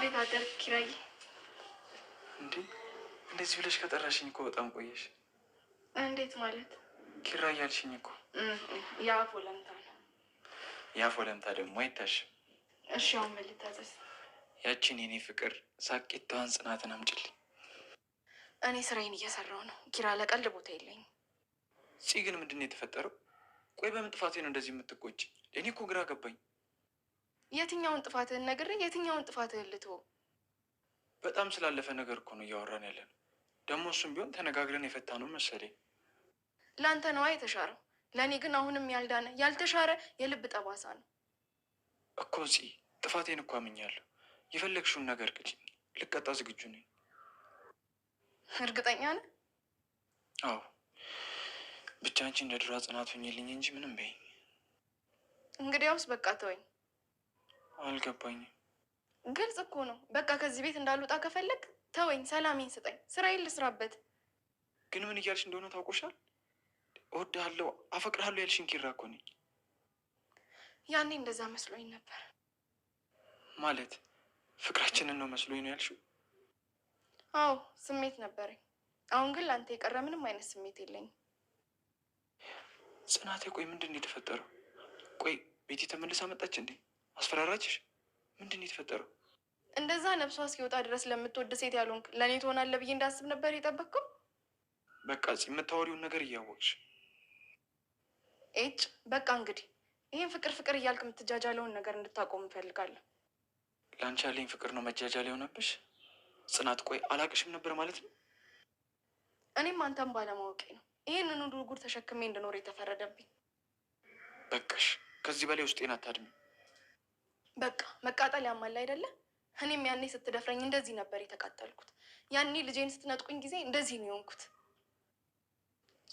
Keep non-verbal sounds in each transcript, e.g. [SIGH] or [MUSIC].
እንዴት አደርክ ኪራዬ? እንዴ እንደዚህ ብለሽ ከጠራሽኝ እኮ በጣም ቆየሽ። እንዴት ማለት ኪራዬ እኮ ነው። ደግሞ አይታሽም። እሺ አሁን ምን ልታዘዝ? ያቺን የኔ ፍቅር ሳቂቷን ጽናትን አምጪልኝ። እኔ ስራዬን እየሰራሁ ነው። ኪራ ለቀልድ ቦታ የለኝም። ፂ ግን ምንድን ነው የተፈጠረው? ቆይ በምን ጥፋቴ ነው እንደዚህ የምትቆጭ? እኔ እኮ ግራ ገባኝ። የትኛውን ጥፋትህን ነግሬ የትኛውን ጥፋትህን ልትወው? በጣም ስላለፈ ነገር እኮ ነው እያወራን ያለን። ደግሞ እሱም ቢሆን ተነጋግረን የፈታ ነው መሰለኝ። ለአንተ ነዋ የተሻረው፣ ለእኔ ግን አሁንም ያልዳነ ያልተሻረ የልብ ጠባሳ ነው እኮ ፂ። ጥፋቴን እኮ አምኛለሁ። የፈለግሽውን ነገር ግጭ፣ ልቀጣ ዝግጁ ነኝ። እርግጠኛ ነህ? አዎ። ብቻ አንቺ እንደ ድሮ ጽናት ሁኝልኝ እንጂ ምንም በይኝ። እንግዲያውስ በቃ ተወኝ። አልገባኝም። ግልጽ እኮ ነው። በቃ ከዚህ ቤት እንዳልወጣ ከፈለግ ተወኝ፣ ሰላሜን ስጠኝ፣ ስራዬን ልስራበት። ግን ምን እያልሽ እንደሆነ ታውቆሻል። እወድሃለሁ፣ አፈቅርሃለሁ ያልሽን ኪራ እኮ ነኝ። ያኔ እንደዛ መስሎኝ ነበር። ማለት ፍቅራችንን ነው መስሎኝ ነው ያልሽው? አዎ ስሜት ነበረኝ። አሁን ግን ለአንተ የቀረ ምንም አይነት ስሜት የለኝም። ጽናቴ፣ ቆይ ምንድን ነው የተፈጠረው? ቆይ ቤቲ ተመልሳ መጣች እንዴ? አስፈራራችሽ? ምንድን የተፈጠረው? እንደዛ ነብሷ እስኪወጣ ድረስ ለምትወድ ሴት ያልሆንክ ለእኔ ትሆናለህ ብዬ እንዳስብ ነበር የጠበቅከው? በቃ የምታወሪውን ነገር እያወቅሽ ኤጭ በቃ እንግዲህ ይህን ፍቅር ፍቅር እያልክ የምትጃጃለውን ነገር እንድታቆም እንፈልጋለን። ለአንቺ ያለኝ ፍቅር ነው መጃጃል የሆነብሽ ጽናት። ቆይ አላቅሽም ነበር ማለት ነው? እኔም አንተም ባለማወቄ ነው ይህንን ሁሉ ጉድ ተሸክሜ እንድኖር የተፈረደብኝ። በቃሽ፣ ከዚህ በላይ ውስጤን አታድሚ። በቃ መቃጠል ያማል አይደለ? እኔም ያኔ ስትደፍረኝ እንደዚህ ነበር የተቃጠልኩት። ያኔ ልጄን ስትነጥቁኝ ጊዜ እንደዚህ ነው የሆንኩት።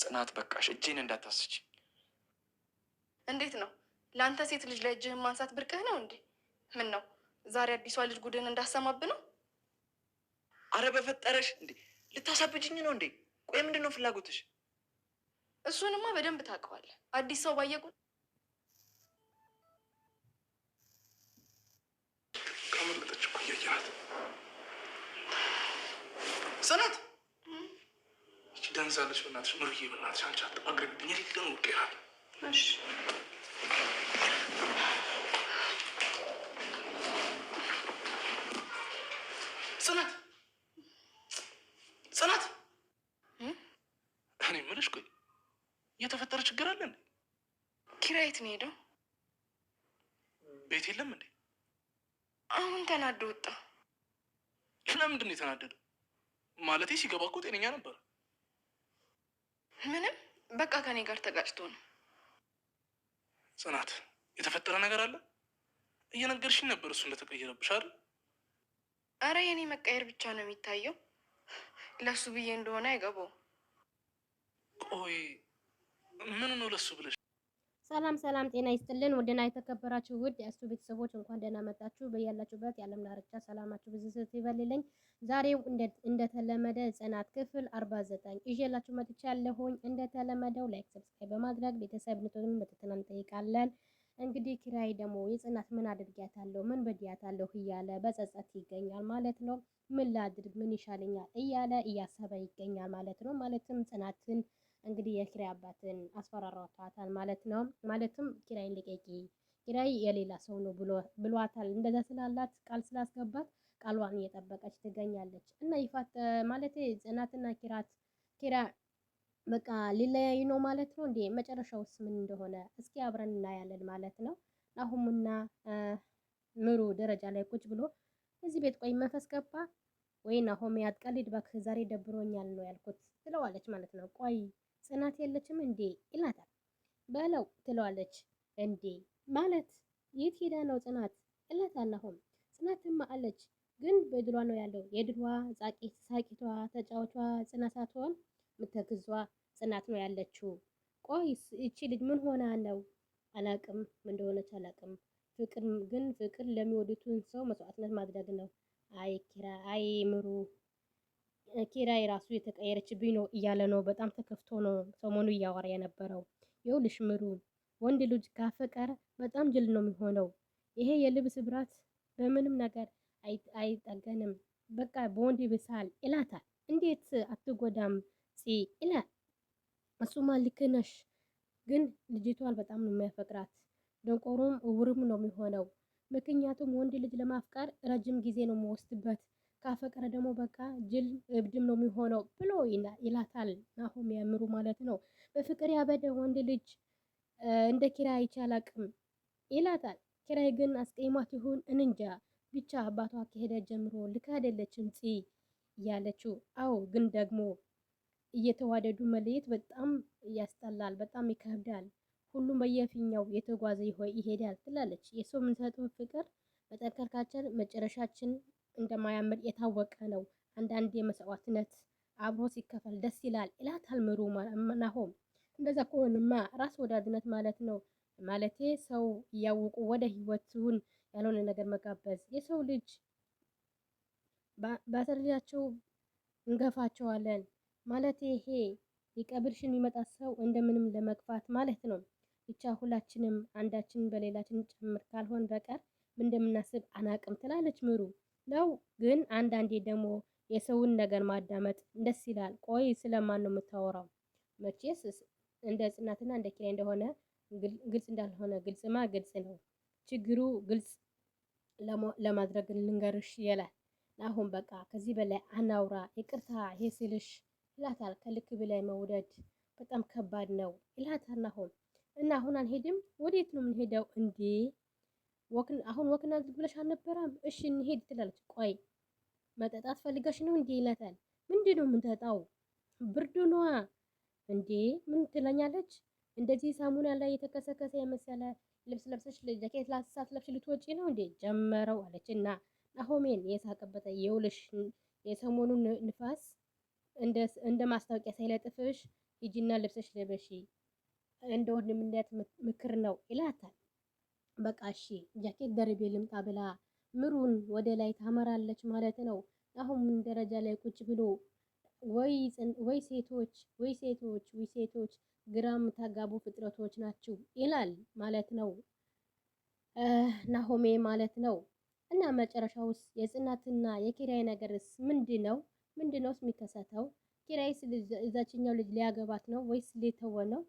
ጽናት በቃሽ፣ እጄን እንዳታስች። እንዴት ነው ለአንተ ሴት ልጅ ላይ እጅህን ማንሳት ብርቅህ ነው እንዴ? ምን ነው ዛሬ አዲሷ ልጅ ጉድን እንዳሰማብ ነው? አረ በፈጠረሽ እንዴ! ልታሳብጅኝ ነው እንዴ? ቆይ ምንድን ነው ፍላጎትሽ? እሱንማ በደንብ ታውቀዋለህ። አዲስ ሰው ባየቁት አየኋት። ጽናት እቺ ዳንሳለች። በእናትሽ ምሩዬ፣ በእናትሽ አንቺ አትማግረብኝ። የሌለ ነው እሺ ተናዶ ወጣ። ለምንድን ነው የተናደደ? ማለቴ ሲገባ እኮ ጤነኛ ነበር። ምንም በቃ ከኔ ጋር ተጋጭቶ ነው። ጽናት፣ የተፈጠረ ነገር አለ? እየነገርሽኝ ነበር እሱ እንደተቀየረብሽ አይደል? አረ የኔ መቀየር ብቻ ነው የሚታየው። ለሱ ብዬ እንደሆነ አይገባው። ቆይ ምኑ ነው ለሱ ብለሽ ሰላም ሰላም፣ ጤና ይስጥልን ውድና የተከበራችሁ ውድ የእሱ ቤተሰቦች እንኳን ደህና መጣችሁ። በያላችሁበት የዓለም ዳርቻ ሰላማችሁ ብዙ ስት ይበልልኝ። ዛሬው እንደተለመደ ጽናት ክፍል 49 ይዤላችሁ መጥቻለሁኝ። እንደተለመደው ላይክ፣ ሰብስክራይብ በማድረግ ቤተሰብ ልትሆኑ በትህትና እንጠይቃለን። እንግዲህ ኪራይ ደግሞ የጽናት ምን አድርጊያታለሁ ምን በድያታለሁ እያለ በጸጸት ይገኛል ማለት ነው። ምን ላድርግ ምን ይሻለኛል እያለ እያሰበ ይገኛል ማለት ነው። ማለትም ጽናትን እንግዲህ የኪራይ አባትን አስፈራሯታታል ማለት ነው። ማለትም ኪራይን ልቀቂ፣ ኪራይ የሌላ ሰው ነው ብሏታል። እንደዛ ስላላት ቃል ስላስገባት ቃሏን እየጠበቀች ትገኛለች። እና ይፋት ማለት ጽናትና ኪራት ኪራ በቃ ሊለያይ ነው ማለት ነው። እንዴ መጨረሻውስ ምን እንደሆነ እስኪ አብረን እናያለን ማለት ነው። ናሁምና ምሩ ደረጃ ላይ ቁጭ ብሎ እዚህ ቤት ቆይ መንፈስ ገባ ወይ ናሆም፣ ያትቀልድ እባክህ ዛሬ ደብሮኛል ነው ያልኩት ትለዋለች ማለት ነው። ቆይ ጽናት የለችም እንዴ ይላታል። በለው ትለዋለች። እንዴ ማለት የት ሄዳ ነው ጽናት ይላታል ናሆም። ጽናትማ አለች ግን በድሏ ነው ያለው። የድሏ ሳቂቷ፣ ተጫዋቿ ጽናት ሳትሆን ምትግዟ ጽናት ነው ያለችው። ቆይ እቺ ልጅ ምን ሆና ነው? አላቅም እንደሆነች አላቅም። ፍቅር ግን ፍቅር ለሚወዱትን ሰው መስዋዕትነት ማድረግ ነው። አይ ኪራ አይ ምሩ ኪራይ ራሱ የተቀየረችብኝ ነው እያለ ነው። በጣም ተከፍቶ ነው ሰሞኑ እያወራ የነበረው። ይኸውልሽ ምሩ፣ ወንድ ልጅ ካፈቀረ በጣም ጅል ነው የሚሆነው። ይሄ የልብስ ብራት በምንም ነገር አይጠገንም። በቃ በወንድ ይብሳል ይላታል። እንዴት አትጎዳም ፂ ይላል። እሱማ ልክ ነሽ፣ ግን ልጅቷን በጣም ነው የሚያፈቅራት። ደንቆሮም እውርም ነው የሚሆነው። ምክንያቱም ወንድ ልጅ ለማፍቀር ረጅም ጊዜ ነው የሚወስድበት ካፈቀረ ደግሞ በቃ ጅል እብድም ነው የሚሆነው ብሎ ይላታል ናሆም ያምሩ ማለት ነው። በፍቅር ያበደ ወንድ ልጅ እንደ ኪራይ አይቼ አላቅም ይላታል። ኪራይ ግን አስቀይሟት ይሁን እንንጃ ብቻ አባቷ ከሄደ ጀምሮ ልክ አይደለችም ጽ እያለችው አዎ ግን ደግሞ እየተዋደዱ መለየት በጣም ያስጠላል፣ በጣም ይከብዳል። ሁሉም በየፊኛው የተጓዘ ይሄዳል ትላለች። የሰው የምንሰጠው ፍቅር መጠንከር መጨረሻችን እንደማያምር የታወቀ ነው። አንዳንዴ መስዋዕትነት አብሮ ሲከፈል ደስ ይላል ይላታል ምሩ ናሆም። እንደዛ ከሆንማ ራስ ወዳድነት ማለት ነው። ማለቴ ሰው እያወቁ ወደ ህይወቱን ያልሆነ ነገር መጋበዝ የሰው ልጅ ባሰርጃቸው እንገፋቸዋለን ማለት ይሄ የቀብርሽን የሚመጣ ሰው እንደምንም ለመግፋት ማለት ነው። ብቻ ሁላችንም አንዳችን በሌላችን ጨምር ካልሆን በቀር እንደምናስብ አናቅም ትላለች ምሩ። ነው። ግን አንዳንዴ ደግሞ የሰውን ነገር ማዳመጥ ደስ ይላል። ቆይ ስለማን ነው የምታወራው? መቼስ እንደ ጽናትና እንደ ኪራይ እንደሆነ ግልጽ እንዳልሆነ ግልጽማ ግልጽ ነው። ችግሩ ግልጽ ለማድረግ ልንገርሽ ይላል። አሁን በቃ ከዚህ በላይ አናውራ፣ ይቅርታ ይሄ ስልሽ ይላታል። ከልክ በላይ መውደድ በጣም ከባድ ነው ይላታል ናሆም። እና አሁን አንሄድም። ወዴት ነው የምንሄደው እንዴ? አሁን ወክ እናድርግ ብለሽ አልነበረም? እሺ እንሄድ ትላለች። ቆይ መጠጣት ፈልጋሽ ነው እንዴ ይላታል። ምንድን ነው የምንጠጣው? ብርዱ ነዋ። እንዴ ምን ትለኛለች? እንደዚህ ሳሙና ላይ የተከሰከሰ የመሰለ ልብስ ለብሰሽ ጃኬት ላሳት ለብሽ ልትወጪ ነው እንዴ ጀመረው አለች እና ናሆሜን የሳቀበት የውልሽ የሰሞኑ ንፋስ እንደ ማስታወቂያ ሳይለጥፍሽ ሂጂና ልብሰሽ ለበሺ እንደ ወንድምነት ምክር ነው ይላታል። በቃ እሺ ጃኬት ደርቤ ልምጣ ብላ ምሩን ወደ ላይ ታመራለች ማለት ነው። አሁን ደረጃ ላይ ቁጭ ብሎ ወይ ሴቶች ወይ ሴቶች ወይ ሴቶች ግራ የምታጋቡ ፍጥረቶች ናችሁ ይላል ማለት ነው ናሆሜ ማለት ነው። እና መጨረሻውስ የጽናትና የኪራይ ነገርስ ምንድን ነው? ምንድን ነው የሚከሰተው? ኪራይስ እዛችኛው ልጅ ሊያገባት ነው ወይስ ሊተወ ነው?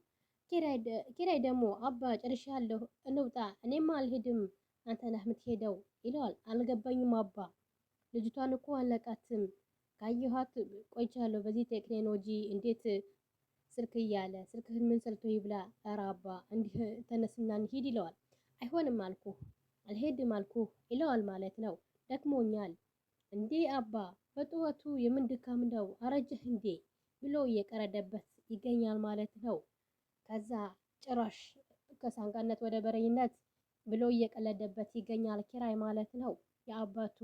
ኪራይ ደግሞ አባ ጨርሻለሁ፣ እንውጣ። እኔም አልሄድም አንተ ነህ የምትሄደው ይለዋል። አልገባኝም አባ፣ ልጅቷን እኮ አለቃትም ካየኋት ቆይቻለሁ። በዚህ ቴክኖሎጂ እንዴት ስልክ እያለ ስልክህን ምን ሰልቶ ይብላ። ኧረ አባ እንዲህ ተነስና እንሂድ ይለዋል። አይሆንም አልኩህ አልሄድም አልኩህ ይለዋል ማለት ነው። ደክሞኛል እንዴ አባ በጥወቱ የምን ድካም ነው አረጀህ እንዴ ብሎ እየቀረደበት ይገኛል ማለት ነው። ከዛ ጭራሽ ከሳንጋነት ወደ በረኝነት ብሎ እየቀለደበት ይገኛል። ኪራይ ማለት ነው። የአባቱ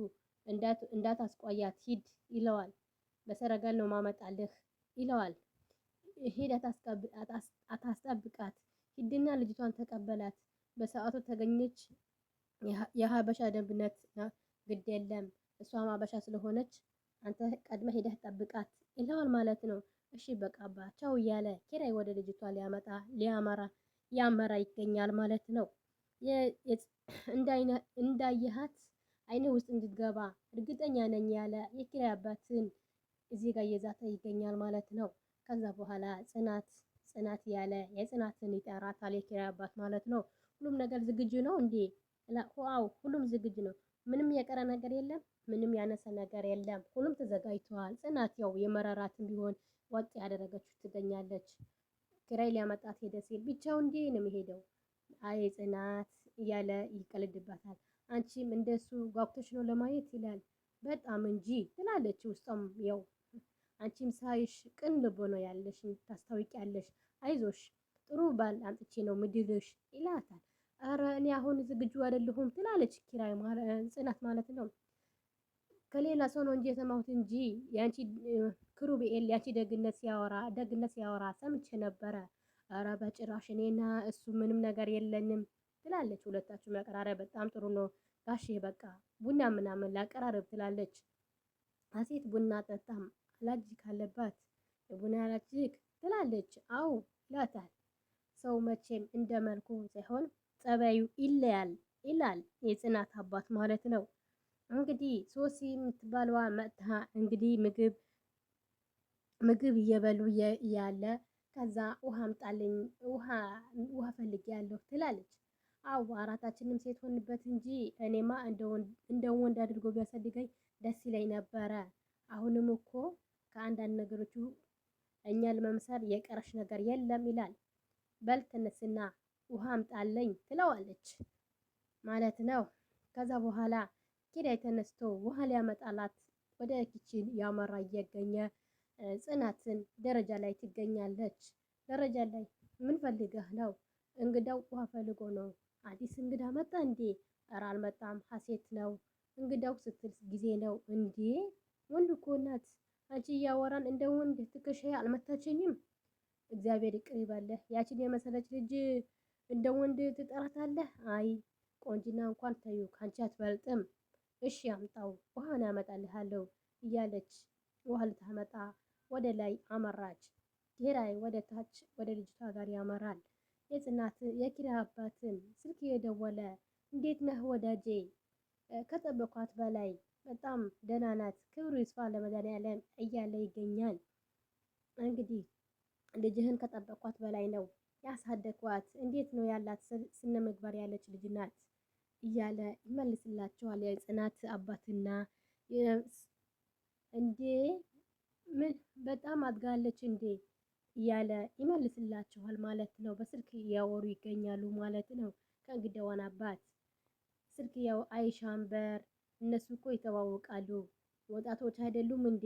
እንዳታስቆያት ሂድ ይለዋል። በሰረገል ነው ማመጣልህ ይለዋል። ሂድ አታስጠብቃት፣ ሂድና ልጅቷን ተቀበላት። በሰዓቱ ተገኘች የሀበሻ ደንብነት ግድ የለም እሷም ሀበሻ ስለሆነች አንተ ቀድመ ሄደህ ጠብቃት ይለዋል ማለት ነው። እሺ በቃ አባቸው እያለ ኪራይ ወደ ልጅቷ ሊያመጣ ሊያመራ ያመራ ይገኛል ማለት ነው። [CLEARS THROAT] እንዳየሃት አይነ ውስጥ እንድትገባ እርግጠኛ ነኝ ያለ የኪራይ አባትን እዚህ ጋር እየዛተ ይገኛል ማለት ነው። ከዛ በኋላ ጽናት ጽናት ያለ የጽናትን ይጠራታል የኪራይ አባት ማለት ነው። ሁሉም ነገር ዝግጁ ነው እንዴ? ዋው ሁሉም ዝግጁ ነው። ምንም የቀረ ነገር የለም። ምንም ያነሰ ነገር የለም። ሁሉም ተዘጋጅተዋል። ጽናት ያው የመረራትን ቢሆን ወጥ ያደረገችው ትገኛለች። ኪራይ ሊያመጣት ሄደ ሲል ብቻው እንዴ ነው የሚሄደው? አይ ጽናት እያለ ይቀልድባታል። አንቺም እንደሱ ጓጉተሽ ነው ለማየት ይላል። በጣም እንጂ ትላለች። ውስጧም ያው አንቺም ሳይሽ ቅን ልቦ ነው ያለሽ፣ ታስታውቂያለሽ። አይዞሽ ጥሩ ባል አምጥቼ ነው ምድርሽ ይላታል። አረ እኔ አሁን ዝግጁ አይደለሁም ትላለች ኪራይ ጽናት ማለት ነው። ከሌላ ሰው ነው እንጂ የሰማሁት እንጂ ያንቺ ክሩቤል ያቺ ደግነት ሲያወራ ደግነት ሲያወራ ሰምቼ ነበረ። ኧረ በጭራሽ እኔና እሱ ምንም ነገር የለንም ትላለች። ሁለታችሁ መቀራረብ በጣም ጥሩ ነው ጋሼ፣ በቃ ቡና ምናምን ላቀራረብ ትላለች። አሴት ቡና ጠጣም አላርጂ ካለባት ቡና አላርጂክ ትላለች። አው ይላታል። ሰው መቼም እንደ መልኩ ሳይሆን ጸባዩ ይለያል ይላል የጽናት አባት ማለት ነው። እንግዲህ ሶሲ የምትባለዋ መጥታ እንግዲህ ምግብ ምግብ እየበሉ እያለ ከዛ ውሃ አምጣልኝ ውሃ ፈልጌ ያለሁ ትላለች። አው አራታችንም ሴት ሆንበት እንጂ እኔማ እንደ ወንድ አድርጎ ቢያሳድገኝ ደስ ይለኝ ነበረ። አሁንም እኮ ከአንዳንድ ነገሮቹ እኛ ለመምሰል የቀረሽ ነገር የለም ይላል። በል ተነስና ውሃ አምጣለኝ ትለዋለች ማለት ነው። ከዛ በኋላ ኪራይ ተነስቶ ውሃ ሊያመጣላት ወደ ኪችን ያመራ እየገኘ ጽናትን ደረጃ ላይ ትገኛለች። ደረጃ ላይ ምን ፈልገህ ነው? እንግዳው ውሃ ፈልጎ ነው። አዲስ እንግዳ መጣ እንዴ? እረ አልመጣም፣ ሀሴት ነው እንግዳው ስትል ጊዜ ነው እንዴ? ወንድ እኮ ናት። አንቺ እያወራን እንደ ወንድ ትከሻ አልመታችኝም። እግዚአብሔር ይቅር ይበለህ። ያችን የመሰለች ልጅ እንደ ወንድ ትጠራታለህ? አይ ቆንጅና እንኳን ተዩ፣ ካንቺ አትበልጥም። እሺ አምጣው ውሃን አመጣልሃለሁ እያለች ውሃ ልታመጣ ወደ ላይ አመራች። ኪራይ ወደ ታች ወደ ልጅቷ ጋር ያመራል። የጽናት የኪራ አባትም ስልክ የደወለ እንዴት ነህ ወዳጄ፣ ከጠበኳት በላይ በጣም ደህና ናት፣ ክብሩ ይስፋ ለመድኃኒዓለም እያለ ይገኛል። እንግዲህ ልጅህን ከጠበኳት በላይ ነው ያሳደግኳት፣ እንዴት ነው ያላት ስነ ምግባር ያለች ልጅ ናት እያለ ይመልስላቸዋል። የጽናት አባትና እንዴ ምን በጣም አድጋለች እንዴ እያለ ይመልስላቸኋል ማለት ነው። በስልክ እያወሩ ይገኛሉ ማለት ነው። ከእንግዳዋን አባት ስልክ ያው አይሻምበር እነሱ እኮ ይተዋወቃሉ ወጣቶች አይደሉም እንዴ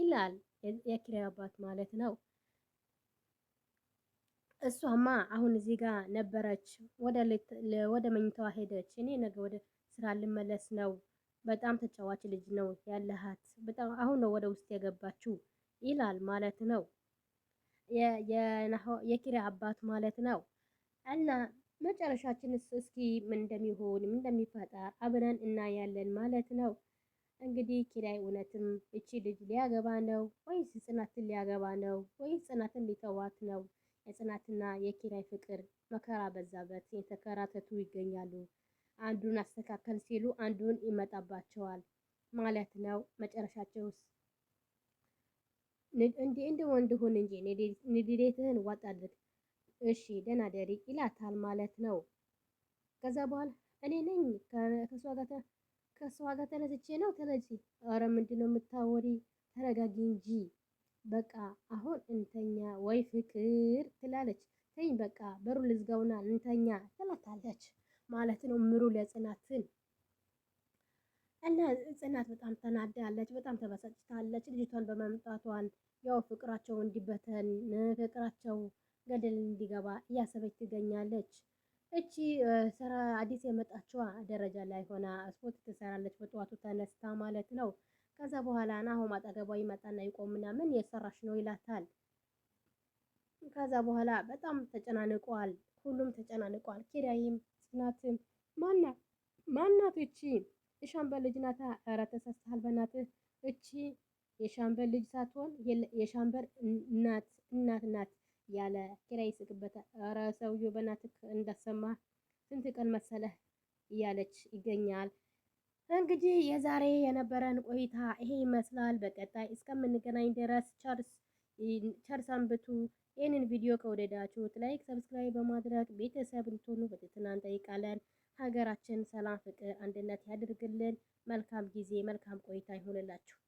ይላል የኪራይ አባት ማለት ነው። እሷማ አሁን እዚህ ጋር ነበረች፣ ወደ መኝታዋ ሄደች። እኔ ነገ ወደ ስራ ልመለስ ነው። በጣም ተጫዋች ልጅ ነው ያለሃት። በጣም አሁን ነው ወደ ውስጥ የገባችው ይላል ማለት ነው የኪራ አባት ማለት ነው። እና መጨረሻችንስ እስኪ ምን እንደሚሆን ምን እንደሚፈጠር አብረን እናያለን ማለት ነው። እንግዲህ ኪራይ እውነትም እቺ ልጅ ሊያገባ ነው ወይስ ጽናትን ሊያገባ ነው ወይስ ጽናትን ሊተዋት ነው? የጽናትና የኪራይ ፍቅር መከራ በዛበት የተከራተቱ ይገኛሉ። አንዱን አስተካከል ሲሉ አንዱን ይመጣባቸዋል ማለት ነው። መጨረሻቸውስ እንዲ ወንድ ሁን እንጂ ንዴትህን ዋጥ እሺ ደህና ደሪ ይላታል ማለት ነው። ከዛ በኋላ እኔ ነኝ ከሷ ጋር ከሷ ጋር ተነስቼ ነው ኧረ የምታወሪ? ተረጋጊ እንጂ በቃ አሁን እንተኛ ወይ ፍቅር ትላለች። ተኝ በቃ በሩ ልዝጋውና እንተኛ ትላታለች ማለት ነው ምሩ ለጽናትን እና ጽናት በጣም ተናዳለች፣ በጣም ተበሳጭታለች ልጅቷን በመምጣቷን። ያው ፍቅራቸው እንዲበተን ፍቅራቸው ገደል እንዲገባ እያሰበች ትገኛለች። እቺ ስራ አዲስ የመጣችዋ ደረጃ ላይ ሆና ስፖርት ትሰራለች በጠዋቱ ተነስታ ማለት ነው። ከዛ በኋላ ናሆም አጠገቧ ይመጣና ይቆምና ምን የሰራሽ ነው ይላታል። ከዛ በኋላ በጣም ተጨናንቋል። ሁሉም ተጨናንቋል። ኪራይም ጽናትም ማና ማናት እቺ የሻምበል ልጅ ናታ። ኧረ ተሳስተሃል በናትህ እቺ የሻምበል ልጅ ሳትሆን የሻምበል እናት እናት ናት ያለ ኪራይ ይስቅበታል። ኧረ ሰውዬው በናትህ እንዳሰማ ስንት ቀን መሰለህ እያለች ይገኛል። እንግዲህ የዛሬ የነበረን ቆይታ ይሄ ይመስላል። በቀጣይ እስከምንገናኝ ድረስ ቸር ሰንብቱ። ይህንን ቪዲዮ ከወደዳችሁት ላይክ፣ ሰብስክራይብ በማድረግ ቤተሰብ እንድትሆኑ በትህትና እንጠይቃለን። ሀገራችን ሰላም፣ ፍቅር፣ አንድነት ያድርግልን። መልካም ጊዜ፣ መልካም ቆይታ ይሆንላችሁ።